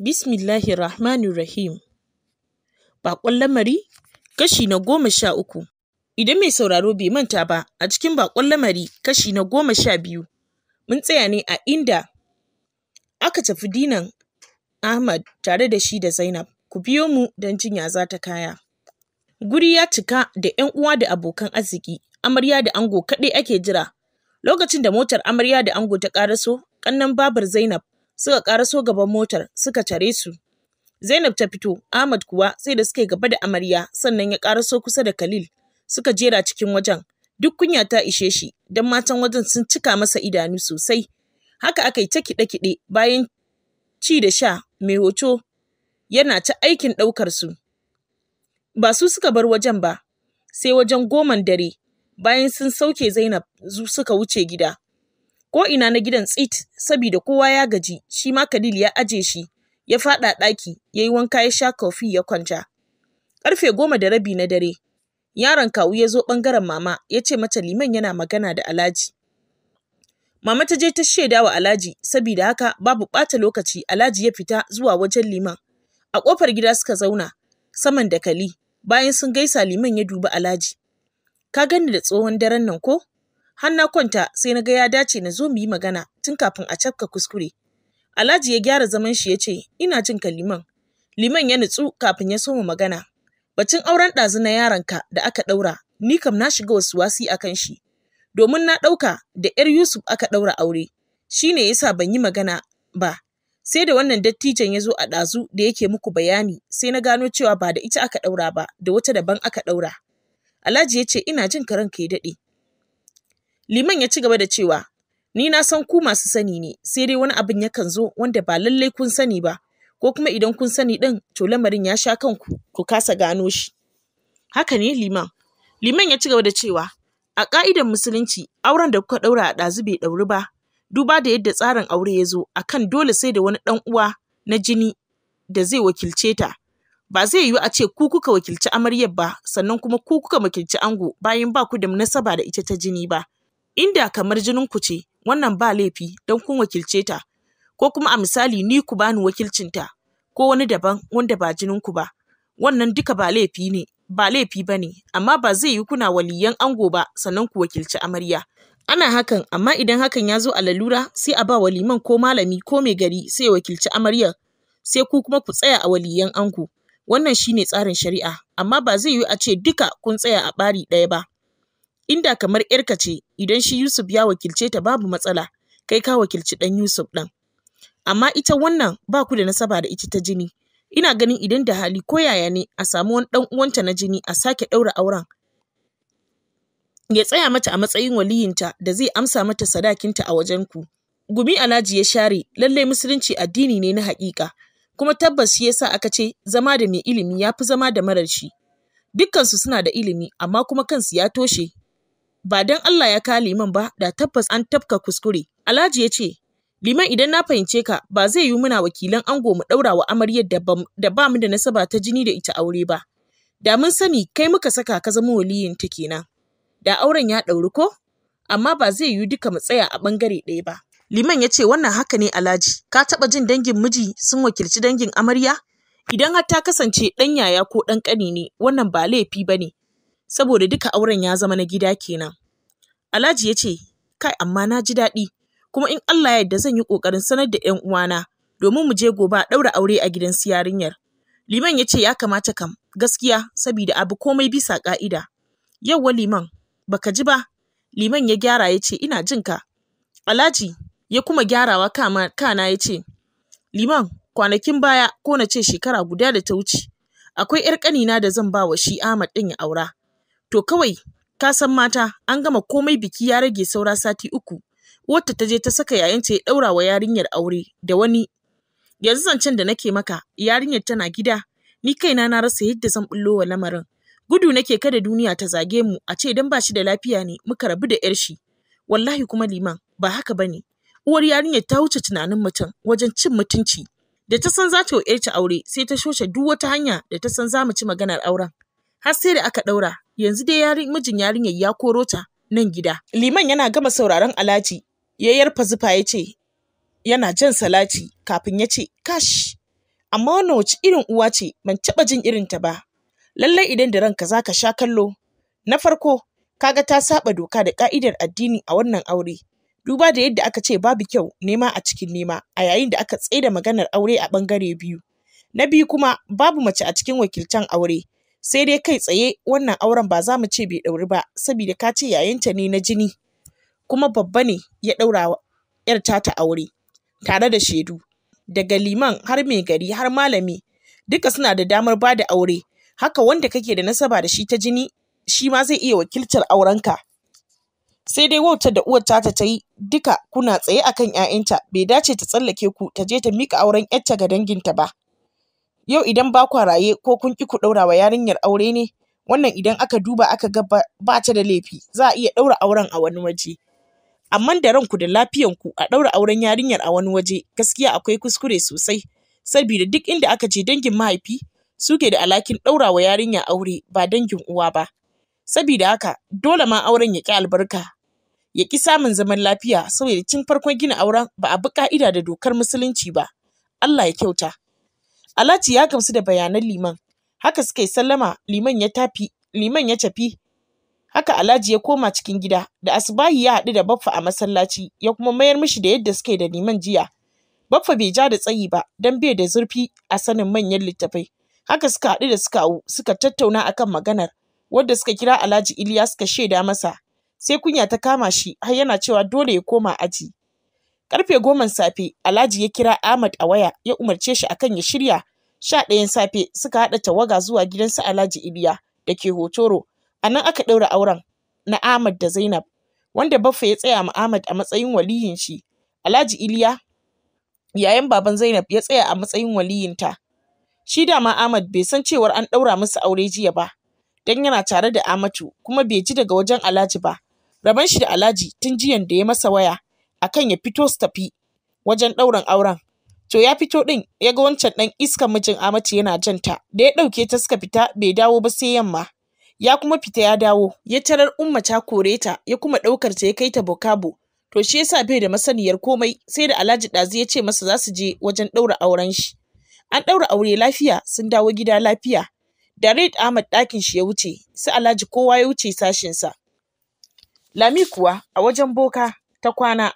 Bismillahi Rahmanir Rahim. Bakon lamari kashi na goma sha uku. Idan mai sauraro bai manta ba a cikin baƙon lamari kashi na goma sha biyu mun tsaya ne a inda aka tafi dinan Ahmad tare da shi da Zainab. Ku biyo mu don jinya ya za ta kaya. Guri ya cika da 'yan uwa da abokan arziki, amarya da ango kaɗai ake jira. Lokacin da motar amarya da ango ta ƙaraso, ƙannan babar Zainab suka ƙaraso gaban motar suka tare su. Zainab ta fito, Ahmad kuwa sai da suka yi gaba da amarya sannan ya ƙaraso kusa da Khalil suka jera cikin wajen. Duk kunya ta ishe shi don matan wajen sun cika masa idanu sosai. Haka aka yi ta kiɗe-kiɗe bayan ci da sha mai hoto yana ta aikin ɗaukar su. Ba su suka bar wajen ba, sai wajen goman dare bayan sun sauke Zainab su suka wuce gida. ko ina na gidan tsit sabida kowa ya gaji shi ma Khalil ya aje shi ya faɗa ɗaki ya yi wanka ya sha kofi ya kwanta. Ƙarfe goma da rabi na dare yaron kawu ya zo ɓangaren mama ya ce mata liman yana magana da Alhaji. Mama ta je ta shaida wa Alhaji sabida haka babu ɓata lokaci Alhaji ya fita zuwa wajen liman. A ƙofar gida suka zauna saman dakali bayan sun gaisa liman ya duba Alhaji. Ka gani da tsohon daren nan ko? har na kwanta sai na ga ya dace na zo mu yi magana tun kafin a cafka kuskure. Alhaji ya gyara zaman shi ya ce, ina jin ka liman. Liman ya nutsu kafin ya so mu magana. Bacin auren ɗazu na yaronka da aka ɗaura, ni kam na shiga wasu wasi a kan shi. Domin na ɗauka da ‘yar Yusuf aka ɗaura aure, shi ne yasa ban yi magana ba. Sai da wannan dattijan ya zo a ɗazu da yake muku bayani, sai na gano cewa ba da ita aka ɗaura ba, da wata daban aka ɗaura. Alhaji ya ce, ina jin ka ya daɗe. Liman ya ci gaba da cewa, Ni na san ku masu sani ne, sai dai wani abin yakan zo wanda ba lallai kun sani ba, ko kuma idan kun sani ɗin, to lamarin ya sha kanku, ku kasa gano shi. Haka ne liman. Liman ya ci gaba da cewa, a ƙa'idar musulunci, auren da kuka ɗaura a ɗazu bai ɗauri ba, duba da yadda tsarin aure ya zo, akan dole sai da wani ɗan uwa na jini da zai wakilce ta. Ba zai yiwu a ce ku kuka wakilci amaryar ba, sannan kuma ku kuka wakilci ango bayan ba ku da nasaba da ita ta jini ba. Inda kamar jinin ku ce, wannan ba laifi don kun wakilce ta, ko kuma a misali ni ku bani wakilcinta, ko wani daban wanda ba jinin ku ba. Wannan duka ba laifi ne, ba laifi ba ne, amma ba zai yi kuna waliyan ango ba sannan ku wakilci amarya. Ana hakan, amma idan hakan ya zo a lalura sai a ba waliman ko malami ko mai gari sai ya wakilci amaryar, sai ku kuma ku tsaya a waliyan ango. Wannan shine tsarin shari'a, amma ba zai yi a ce duka kun tsaya a ɓari ɗaya ba. Inda kamar ‘yarka ce, idan shi Yusuf ya wakilce ta babu matsala, kai ka wakilci ɗan Yusuf ɗin. Amma ita wannan ba ku da nasaba da ita ta jini. Ina ganin idan da hali ko yaya ne a samu wani ɗan uwanta na jini a sake ɗaura auren. Ya tsaya mata a matsayin waliyinta da zai amsa mata sadakinta a wajen ku. Gumi Alhaji ya share, lallai musulunci addini ne na haƙiƙa. kuma tabbas shi yasa aka ce zama da mai ilimi ya fi zama da marar shi. Dukkansu suna da ilimi amma kuma kansu ya toshe ba don Allah ya ka liman ba da tabbas an tafka kuskure. Alhaji ya ce, Liman idan na fahimce ka ba zai yi muna wakilan ango mu ɗaura wa amaryar da ba mu da nasaba ta jini da ita aure ba. Da mun sani kai muka saka ka zama waliyin ta kenan. Da auren ya ɗauri ko? Amma ba zai yiwu duka mu tsaya a ɓangare ɗaya ba. Liman ya ce wannan haka ne Alhaji, ka taɓa jin dangin miji sun wakilci dangin amarya? Idan har ta kasance ɗan yaya ko ɗan ƙani ne, wannan ba laifi ba ne. saboda duka auren ya zama na gida kenan. Alhaji ya ce, kai amma na ji daɗi, kuma in Allah ya yarda zan yi ƙoƙarin sanar da 'yan uwana domin mu je gobe a ɗaura aure a gidan su yarinyar. Liman ya ce ya kamata kam, gaskiya saboda abu komai bisa ƙa'ida. Yawwa liman, baka ji ba? Liman ya gyara ya ce ina jin ka. Alhaji ya kuma gyarawa kana ya ce, Liman, kwanakin baya ko na ce shekara guda da ta wuce, akwai ‘yar ƙanina da zan ba wa shi Ahmad ɗin ya aura. To kawai ka san mata an gama komai biki ya rage saura sati uku. Wata ta je ta saka yayanta ya ɗaura wa yarinyar aure da wani. Yanzu zancen da nake maka yarinyar tana gida ni kaina na rasa yadda zan bullo wa lamarin. Gudu nake kada duniya ta zage mu a ce idan ba shi da lafiya ne muka rabu da ‘yar shi. Wallahi kuma liman ba haka ba ne. Uwar yarinyar ta wuce tunanin mutum wajen cin mutunci. Da ta san za ta wa aure sai ta shoshe duk wata hanya da ta san za mu ci maganar auren. Har sai da aka ɗaura yanzu dai yarin mijin yarinyar ya koro ta nan gida liman yana gama sauraron alhaji ya yarfa zufa ya ce yana jan salati kafin ya ce kash amma wannan wace irin uwa ce ban taɓa jin irin ta ba lallai idan da ranka za ka sha kallo na farko kaga ta saba doka da ka'idar addini a wannan aure duba da yadda aka ce babu kyau nema a cikin nema a yayin da aka tsaida maganar aure a ɓangare biyu na biyu kuma babu mace a cikin wakiltan aure sai dai kai tsaye wannan auren ba za mu ce bai ɗauri ba saboda ka ce yayanta ne na jini kuma babba ne ya ɗaura yar ta aure tare da shaidu daga liman har mai gari har malami duka suna da damar ba da aure haka wanda kake da nasaba da shi ta jini shi ma zai iya wakiltar aurenka sai dai wauta da uwar tata ta yi duka kuna tsaye akan 'ya'yanta bai dace ta tsallake ku ta je ta mika auren 'yarta ga danginta ba Yau idan ba kwa raye ko kun ƙi ku ɗaura wa yarinyar aure ne, wannan idan aka duba aka ga ba ta da laifi za a iya ɗaura auren a wani waje. Amma da ranku da lafiyanku a ɗaura auren yarinyar a wani waje gaskiya akwai kuskure sosai. Sabida duk inda aka je dangin mahaifi suke da alhakin ɗaura wa yarinya aure ba dangin uwa ba. Sabida haka dole ma auren ya ƙi albarka ya ƙi samun zaman lafiya saboda tun farkon gina auren ba a bi ƙa'ida da dokar musulunci ba. Allah ya kyauta. Alhaji ya gamsu da bayanan Liman, haka suka yi sallama Liman ya tafi Liman ya tafi haka Alhaji ya koma cikin gida da Asbahi ya haɗu da Baffa a masallaci ya kuma mayar mishi da yadda suke yi da Liman jiya. Baffa bai ja da tsayi ba don bai da zurfi a sanin manyan littafai. Haka suka haɗu da suka suka tattauna akan maganar wadda suka kira Alhaji Iliya suka shaida masa sai kunya ta kama shi har yana cewa dole ya koma aji. Karfe goma safe, Alhaji ya kira Ahmad a waya ya umarce shi akan ya shirya. Sha ɗayan safe suka haɗa tawaga zuwa gidansa Alhaji Iliya da ke Hotoro. A nan aka ɗaura auren na Ahmad da Zainab, wanda Baffa ya tsaya ma Ahmad a matsayin walihin shi. Alhaji Iliya, yayin baban Zainab ya tsaya a matsayin ta, Shi da ma Ahmad bai san cewar an ɗaura musu aure jiya ba, don yana tare da Amatu kuma bai ji daga wajen Alhaji ba. Raban shi da Alhaji tun jiyan da ya masa waya. akan ya fito su tafi wajen ɗaurin auren to ya fito ɗin ya ga wancan ɗan iskar mijin amaci yana janta da ya ɗauke ta suka fita bai dawo ba sai yamma ya kuma fita ya dawo ya tarar umma ta kore ta ya kuma ɗaukar ta ya kai ta bokabo to shi yasa bai da masaniyar komai sai da alhaji ɗazu ya ce masa za su je wajen ɗaura auren shi an ɗaura aure lafiya sun dawo gida lafiya da red Ahmad ɗakin shi ya wuce sai alhaji kowa ya wuce sashinsa Lami kuwa a wajen boka ta kwana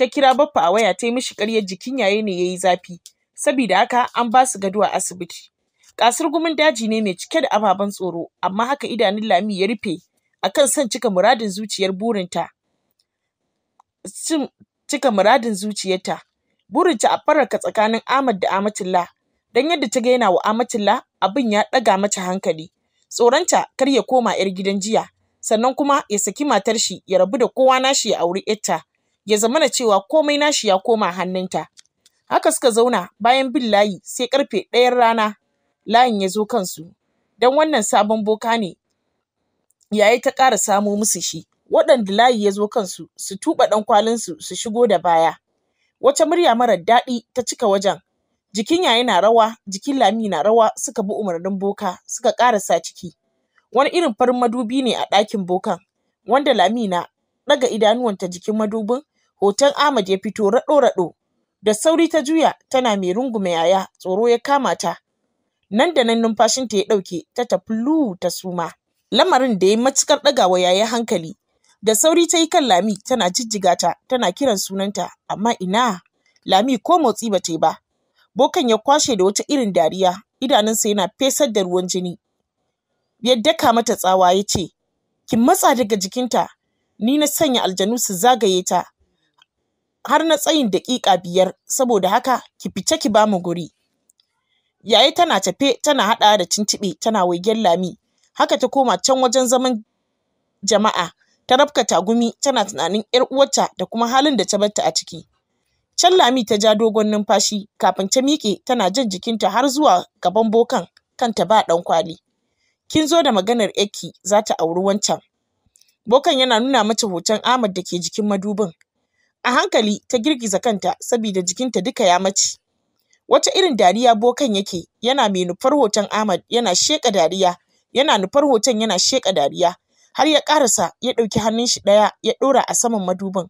ta kira baffa a waya ta yi mishi ƙaryar jikin yaye ne ya yi zafi saboda haka an ba su gado a asibiti kasar gumin daji ne mai cike da ababen tsoro amma haka idanun lami ya rufe akan son cika muradin zuciyar burinta cika muradin zuciyarta burinta a faraka tsakanin Ahmad da Amatullah dan yadda ta ga yana wa Amatullah abin ya ɗaga mata hankali tsoronta kar ya koma yar gidan jiya sannan kuma ya saki matar shi ya rabu da kowa nashi ya auri yarta ya zamana cewa komai nashi ya koma hannunta. Haka suka zauna bayan bin layi sai karfe ɗayan rana layin ya zo kansu. Don wannan sabon boka ne yayi ta ƙara samo musu shi. Waɗanda layi ya zo kansu su tuɓa ɗan kwalinsu su shigo da baya. Wata murya mara daɗi ta cika wajen. Jikin yayi na rawa, jikin lami na rawa suka bi umarnin boka suka ƙara sa ciki. Wani irin farin madubi ne a ɗakin bokan wanda lami na ɗaga idanuwanta jikin madubin Hoton Ahmad ya fito raɗo-raɗo. Da sauri ta juya tana mai rungume yaya, tsoro ya kama ta. Nan da nan numfashinta ya ɗauke ta tafi ta suma. Lamarin da ya matuƙar ɗagawa yaya hankali. Da sauri ta yi kan Lami tana jijjiga ta tana kiran sunanta amma ina Lami ko motsi ba ta yi ba. Bokan ya kwashe da wata irin dariya idanunsa yana fesar da ruwan jini. Ya daka mata tsawa ya ce, Kin matsa daga jikinta, ni na sanya aljanu su zagaye ta, har na tsayin daƙiƙa biyar saboda haka ki fice ki bamu guri yaye tana tafe tana haɗa da tuntuɓe tana waigen lami haka ta koma can wajen zaman jama'a ta rafka tagumi tana tunanin ‘yar uwarta da kuma halin da ta batta a ciki can lami ta ja dogon numfashi kafin ta miƙe tana jan jikinta har zuwa gaban bokan kanta ba ɗan kwali kin zo da maganar ‘yarki za ta auri wancan bokan yana nuna mata hoton Ahmad da ke jikin madubin A hankali ta girgiza kanta saboda jikinta duka ya mace. Wata irin dariya bokan yake, yana mai nufar hoton Ahmad yana sheƙa dariya, yana nufar hoton yana sheƙa dariya, har ya ƙarasa ya ɗauki hannun shi ɗaya ya ɗora a saman madubin.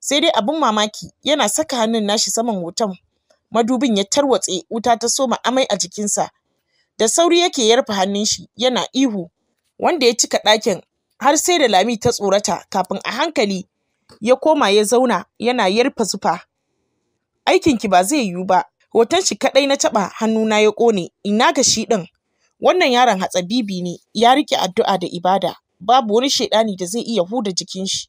Sai dai abin mamaki yana saka hannun nashi saman hoton, madubin ya tarwatse wuta ta soma amai a jikinsa. Da sauri yake yarfe hannun shi yana ihu, wanda ya cika ɗakin har sai da Lami ta tsorata kafin a hankali ya koma ya zauna yana yarfa zufa aikinki ba zai yiwu ba hoton shi kaɗai na taɓa hannuna ya ƙone ina ga shi ɗin wannan yaron hatsabibi ne ya riƙe addu'a da ibada babu wani shaiɗani da zai iya huda jikin shi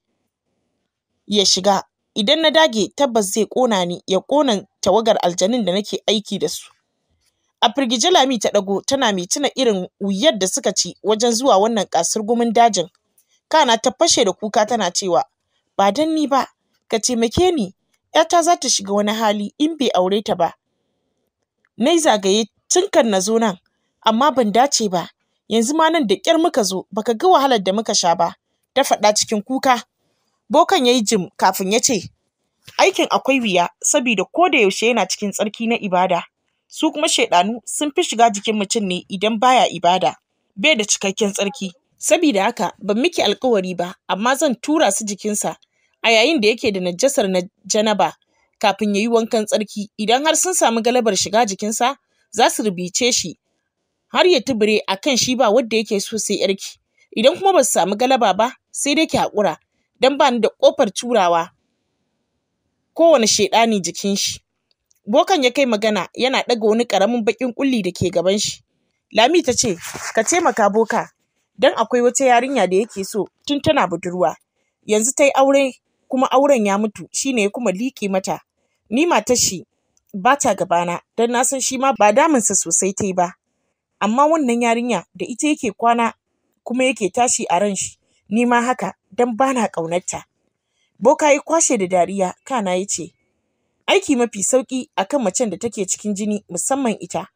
ya shiga idan na dage tabbas zai ƙona ni ya ƙona tawagar aljanun da nake aiki da su a firgice lami ta ɗago tana mai tuna irin wuyar da suka ci wajen zuwa wannan ƙasar gumin dajin kana ta fashe da kuka tana cewa ba don ni ba, ka taimake ni, ‘yata za ta shiga wani hali in bai aure ta ba. Na yi zagaye tun kan na zo nan, amma ban dace ba, yanzu ma nan da kyar muka zo, baka ga wahalar da muka sha ba, ta faɗa cikin kuka. Bokan ya yi jim kafin ya ce, aikin akwai wuya, saboda ko da yaushe yana cikin tsarki na ibada. Su kuma shaiɗanu sun fi shiga jikin mutum ne idan baya ibada, bai da cikakken tsarki. Sabida haka ban miki alkawari ba, amma zan tura su jikinsa a yayin da yake da najasar na janaba kafin ya yi wankan tsarki. Idan har sun samu galabar shiga jikinsa, za su rubice shi har ya tubire a kan shi ba wadda yake so sai ‘yarki. Idan kuma ba su samu galaba ba, sai dai ki haƙura, don ba ni da ƙofar turawa kowane shaiɗani jikin shi. Bokan ya kai magana yana ɗaga wani ƙaramin baƙin ƙulli da ke gaban shi. Lami ta ce, ka taimaka boka, don akwai wata yarinya da yake so tun tana budurwa yanzu ta yi aure kuma auren ya mutu shine ya kuma liƙe mata ni matar shi ba ta gabana don na san shi ma ba damunsa sosai ta ba amma wannan yarinya da ita yake kwana kuma yake tashi a ran shi ni ma haka don ba na ƙaunarta boka yi kwashe da dariya kana ya ce aiki mafi sauƙi akan macen da take cikin jini musamman ita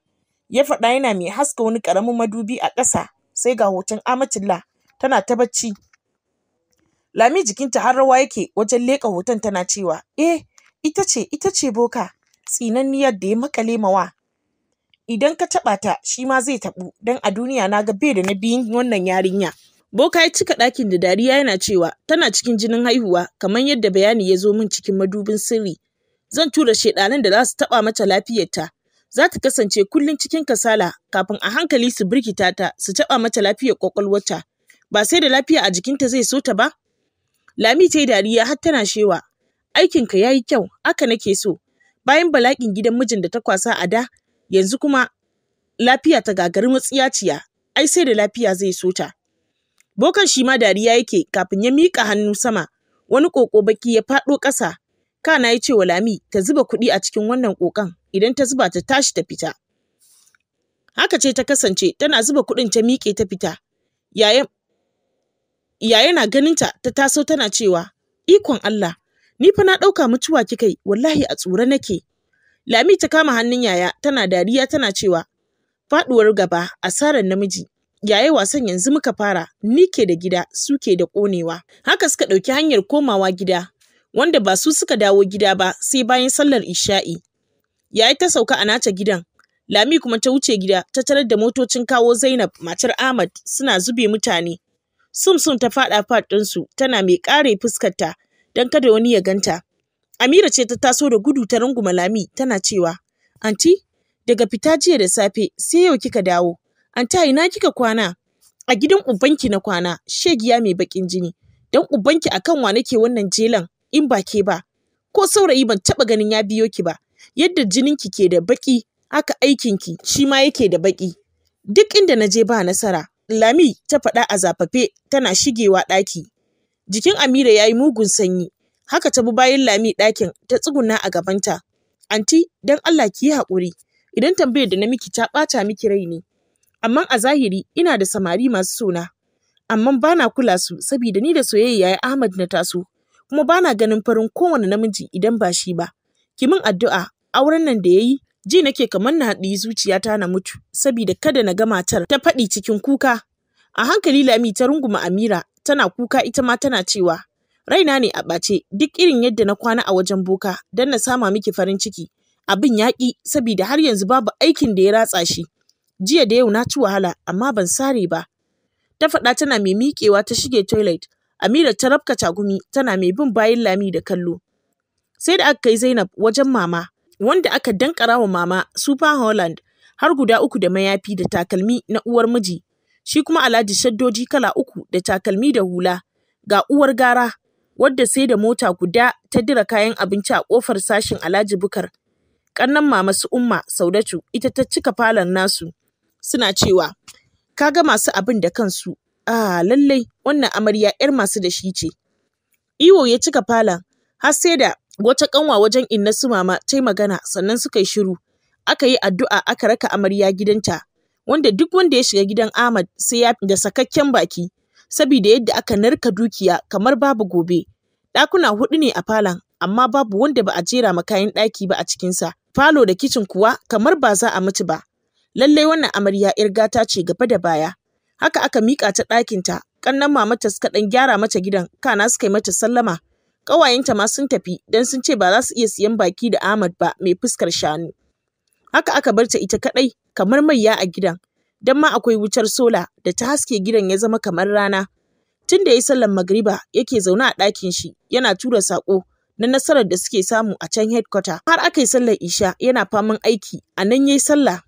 ya faɗa yana mai haska wani ƙaramin madubi a ƙasa sai ga hoton Amatilla tana ta bacci. Lami jikinta har rawa yake wajen leƙa hoton tana cewa, "Eh, ita ce, ita ce boka, tsinanniyar da ya makale mawa." Idan ka taɓa ta, shi ma zai taɓu, don a duniya na ga bai da na biyin wannan yarinya. Boka ya cika ɗakin da dariya yana cewa, tana cikin jinin haihuwa, kamar yadda bayani ya zo min cikin madubin sirri. Zan tura shaiɗanan da za su taɓa mata lafiyarta, za ta kasance kullum cikin kasala kafin a hankali su birkita ta su taɓa mata lafiyar ƙwaƙwalwarta. Ba sai da lafiya a jikinta zai so ta ba? Lami ta dariya har tana shewa. Aikinka ya yi kyau, haka nake so. Bayan bala'in gidan mijin da ta kwasa a da, yanzu kuma lafiya ta gagari matsiyaciya, ai sai da lafiya zai so ta. Bokan shi ma dariya yake kafin ya miƙa hannu sama, wani ƙoƙo baki ya faɗo ƙasa, Kana ya ce wa Lami ta zuba kuɗi a cikin wannan ƙoƙan idan ta zuba ta tashi ta fita. Haka ce ta kasance tana zuba kuɗin ta miƙe ta fita. Yayan yaya na ganinta ta taso tana cewa ikon Allah ni fa na ɗauka mutuwa kikai, wallahi a tsura nake. Lami ta kama hannun yaya tana dariya tana cewa faɗuwar gaba asarar namiji yaya wasan yanzu muka fara ni ke da gida su ke da ƙonewa. Haka suka ɗauki hanyar komawa gida wanda ba su suka dawo gida ba sai bayan sallar isha'i. Yayi ta sauka a nace gidan, Lami kuma ta wuce gida ta tarar da motocin kawo Zainab matar Ahmad suna zube mutane. sum sum ta faɗa fad ɗinsu tana mai ƙare fuskarta don kada wani ya ganta. Amira ce ta taso da gudu ta runguma Lami tana cewa, Anti, daga fita jiya da safe sai yau kika dawo. Anta ina kika kwana? A gidan ubanki na kwana, shegiya mai baƙin jini. Don ubanki akan wa nake wannan jelan in ba ke ba ko saurayi ban taɓa ganin ya biyo ki ba yadda jininki ke da baƙi haka aikinki shi ma yake da baƙi duk inda na je ba nasara lami ta faɗa a zafafe tana shigewa ɗaki jikin amira ya yi mugun sanyi haka ta bi bayan lami ɗakin ta tsuguna a gabanta anti don allah ki yi haƙuri idan tambayar da na miki ta ɓata miki rai ne amma a zahiri ina da samari masu suna amma na kula su saboda ni da soyayya ya Ahmad na taso kuma ba na ganin farin kowane namiji idan ba shi ba. Ki min addu'a, auren nan da ya yi, ji nake kamar na haɗi zuciyata na mutu, sabida kada na ga matar ta faɗi cikin kuka. A hankali Lami ta runguma Amira, tana kuka ita ma tana cewa, Raina ne a ɓace, duk irin yadda na kwana a wajen boka, don na sama miki farin ciki. Abin yaƙi, sabida har yanzu babu aikin da ya ratsa shi. Jiya da yau na ci wahala, amma ban sare ba. ta faɗa tana mai miƙewa ta shige toilet Amira ta rafka tagumi tana mai bin bayan Lami da kallo. Sai da aka kai Zainab wajen mama wanda aka dankara wa mama Super Holland har guda uku da mayafi da takalmi na uwar miji. Shi kuma Alhaji shaddoji kala uku da takalmi da hula ga uwar gara wadda sai da mota guda ta dira kayan abinci a kofar sashin Alhaji Bukar. Ƙannan mama su Umma Saudatu ita ta cika falon nasu suna cewa ka ga masu abin da kansu A lallai wannan amarya ‘yar masu da shi ce. Iwo ya cika falon har sai da wata kanwa wajen inna su Mama ta yi magana sannan suka yi shiru. Aka yi addu'a aka raka amarya gidanta wanda duk wanda ya shiga gidan Ahmad sai ya da sakakken baki saboda yadda aka narka dukiya kamar babu gobe. Ɗakuna huɗu ne a falon amma babu wanda ba a jera ma kayan ɗaki ba a cikinsa. Falo da kicin kuwa kamar ba za a mutu ba. Lallai wannan amarya ‘yar gata ce gaba da baya. Haka aka miƙa ta ɗakinta, ƙannan mamarta suka ɗan gyara mata gidan, kana suka yi mata sallama. Ƙawayenta ma sun tafi don sun ce ba za su iya siyan baki da Ahmad ba mai fuskar shanu. Haka aka bar ta ita kaɗai kamar maiya a gidan, don ma akwai wutar sola da ta haske gidan ya zama kamar rana. Tun da ya yi sallar magriba yake zaune a ɗakin shi yana tura sako na nasarar da suke samu a can headquarter. Har aka yi sallar isha yana faman aiki a nan ya yi sallah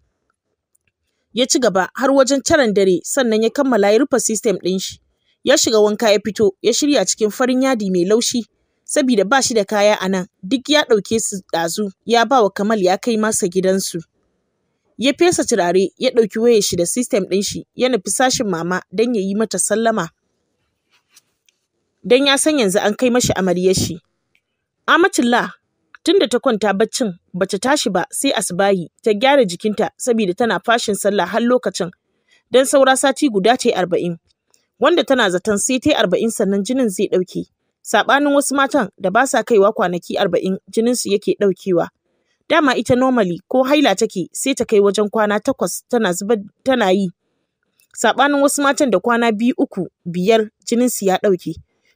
ya ci gaba har wajen taran dare sannan ya kammala ya rufe sistem ɗin shi. Ya shiga wanka ya fito, ya shirya cikin farin yadi mai laushi, saboda ba shi da kaya a nan, duk ya ɗauke su ɗazu, ya ba wa Kamal ya kai masa gidansu. Ya fesa turare, ya ɗauki wayar shi da sistem ɗin shi, ya nufi sashin mama don ya yi mata sallama. Dan ya san yanzu an kai mashi amaryar shi. Amatullah Tun da ta kwanta baccin bata tashi ba sai asibahi ta gyara jikinta saboda tana fashin sallah har lokacin don saura sati guda ta yi arba'in. Wanda tana zaton sai ta yi arba'in sannan jinin zai ɗauke. Saɓanin wasu matan da ba sa kaiwa kwanaki arba'in jinin su yake ɗaukewa. Dama ita normally ko haila take sai ta kai wajen kwana takwas tana zuba tana yi. Saɓanin wasu matan da kwana biyu uku biyar jinin su ya ɗauke.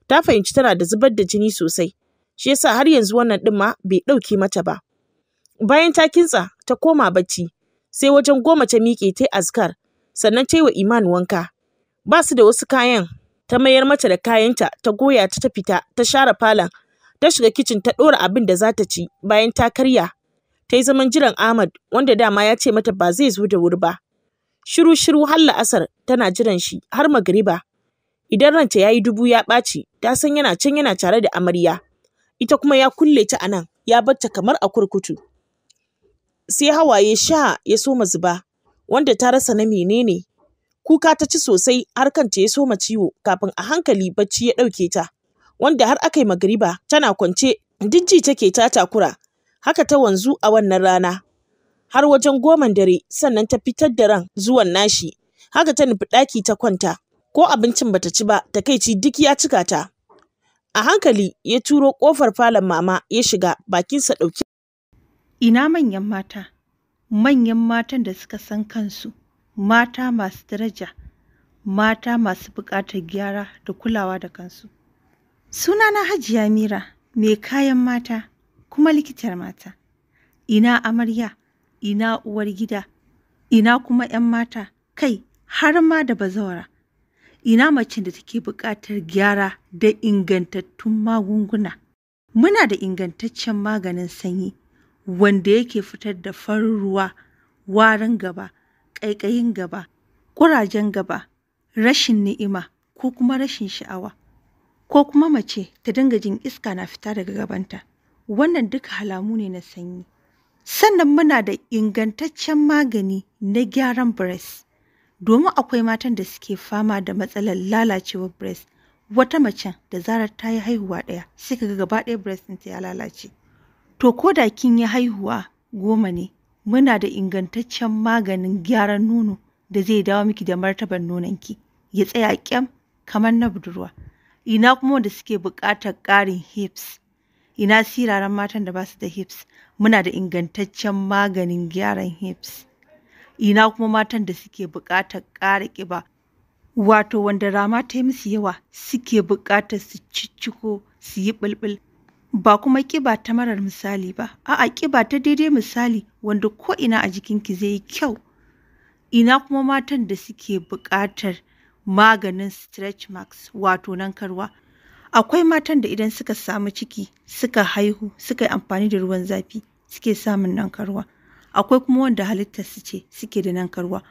Ta fahimci tana da zubar da jini sosai. shi yasa har yanzu wannan ɗin ma bai ɗauke mata ba. Bayan ta kintsa ta koma bacci sai wajen goma ta miƙe ta azkar sannan ta yi wa iman wanka. Ba su da wasu kayan ta mayar mata da kayanta ta goya ta ta fita ta share falon ta shiga kicin ta ɗora abin da za ta ci bayan ta karya ta yi zaman jiran Ahmad wanda dama ya ce mata ba zai zo da wuri ba. Shiru shiru har la'asar tana jiran shi har magariba. Idan ranta ya yi dubu ya ɓaci ta san yana can yana tare da amarya. ita kuma ya kulle ta a nan ya batta kamar a kurkutu sai hawaye sha ya soma zuba wanda ta rasa na menene kuka ta ci sosai har kanta ya soma ciwo kafin a hankali bacci ya ɗauke ta wanda har aka yi magariba tana kwance dijji take ta takura haka ta wanzu a wannan rana har wajen goman dare sannan ta fitar da ran zuwan nashi haka ta nufi ɗaki ta kwanta ko abincin bata ci ba takaici duk ya cika ta A hankali ya turo ƙofar falon Mama ya shiga, bakinsa ɗauke Ina manyan mata, manyan matan da suka san kansu, mata masu daraja, mata masu buƙatar gyara da kulawa da kansu. Sunana Hajiya Mira, mai kayan mata, kuma likitar mata. Ina amarya, ina uwar gida, ina kuma ‘yan mata, kai har ma da bazawara. Ina macen da take buƙatar gyara da ingantattun magunguna? Muna da ingantaccen maganin sanyi wanda yake fitar da farin ruwa, warin gaba, ƙaiƙayin gaba, ƙurajen gaba, rashin ni'ima ko kuma rashin sha'awa, ko kuma mace ta dinga jin iska na fita daga gabanta. Wannan duka halamu ne na sanyi. Sannan muna da ingantaccen magani na gyaran breast. domin akwai matan da suke fama da matsalar lalacewar breast. Wata macen da zarar ta yi haihuwa ɗaya sai ka ga gaba ɗaya breast ɗinta ya lalace. To ko da kin yi haihuwa goma ne muna da ingantaccen maganin gyaran nono da zai dawo miki da martabar nononki ya tsaya kyam kamar na budurwa. Ina kuma da suke buƙatar ƙarin hips. Ina siraran matan da ba su da hips. Muna da ingantaccen maganin gyaran hips. ina kuma matan da suke buƙatar ƙara ƙiba wato wanda rama ta yi musu yawa suke buƙatar su cicciko su yi ɓulɓul ba kuma ƙiba ta marar misali ba a'a ƙiba ta daidai misali wanda ko ina a jikinki zai yi kyau ina kuma matan da suke buƙatar maganin stretch marks wato nankarwa akwai matan da idan suka samu ciki suka haihu suka yi amfani da ruwan zafi suke samun nankarwa akwai kuma wanda halittar su ce suke da nankarwa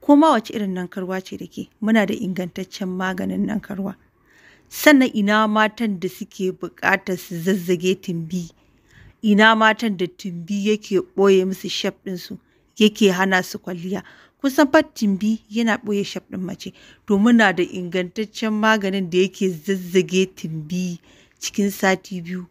ko ma wace irin nankarwa ce da ke muna da ingantaccen maganin nankarwa sannan ina matan da suke buƙatar su zazzage tumbi ina matan da tumbi yake ɓoye musu shaf ɗinsu yake hana su kwalliya kusan fa tumbi yana ɓoye shaf ɗin mace to muna da ingantaccen maganin da yake zazzage tumbi cikin sati biyu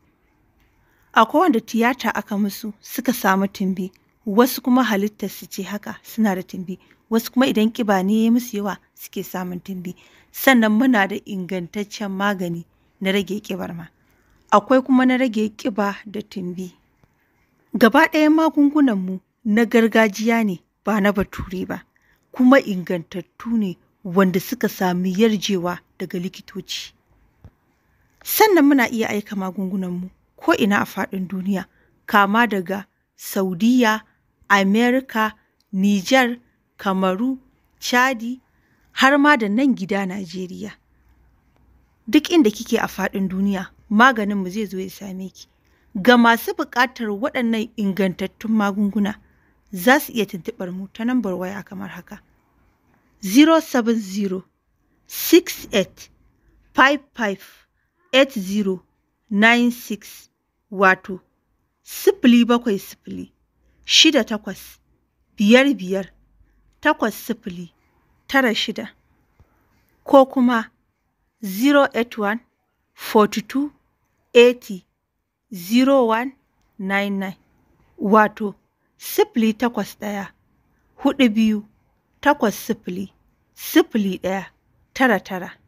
akwai wanda tiyata aka musu suka samu tumbi wasu kuma halittar su ce haka suna da tumbi wasu kuma idan kiba ne ya musu yawa suke samun tumbi sannan muna da ingantaccen magani na rage kibar ma akwai kuma na rage kiba da tumbi gaba ɗaya magungunan mu na gargajiya ne ba na bature ba kuma ingantattu ne wanda suka sami yarjewa daga likitoci sannan muna iya aika magungunanmu ko ina a faɗin duniya kama daga saudiya Amerika, Nijar, Kamaru, Chadi har ma da nan gida Najeriya. Duk inda kike a faɗin duniya, maganinmu zai zo ya same ki. Ga masu buƙatar waɗannan ingantattun magunguna, za su iya tuntuɓar mu ta nambar waya kamar haka: 070 68 55 8096 wato sifili bakwai sifili shida takwas biyar biyar takwas sifili tara shida ko kuma 081 42 80 0199 wato sifili takwas ɗaya huɗu biyu takwas sifili sifili ɗaya tara tara.